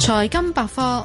財金百貨。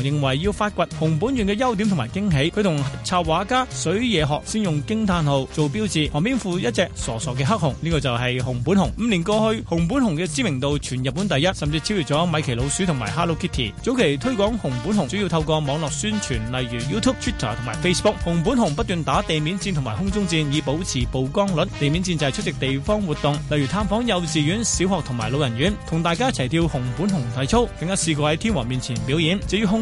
認為要發掘熊本縣嘅優點同埋驚喜，佢同插畫家水野學先用驚嘆號做標誌，旁邊附一隻傻傻嘅黑熊，呢、這個就係熊本熊。五年過去，熊本熊嘅知名度全日本第一，甚至超越咗米奇老鼠同埋 Hello Kitty。早期推廣熊本熊主要透過網絡宣傳，例如 YouTube、Twitter 同埋 Facebook。熊本熊不斷打地面戰同埋空中戰，以保持曝光率。地面戰就係出席地方活動，例如探訪幼稚園、小學同埋老人院，同大家一齊跳熊本熊體操，更加試過喺天皇面前表演。至於空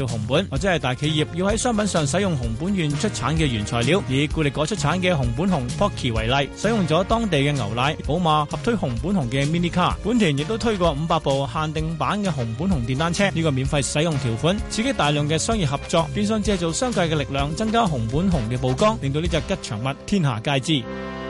熊本或者係大企業要喺商品上使用熊本縣出產嘅原材料，以固力果出產嘅熊本熊 Pocky 為例，使用咗當地嘅牛奶。寶馬合推熊本熊嘅 Mini car，本田亦都推過五百部限定版嘅熊本熊電單車。呢個免費使用條款刺激大量嘅商業合作，變相製造商界嘅力量，增加熊本熊嘅曝光，令到呢隻吉祥物天下皆知。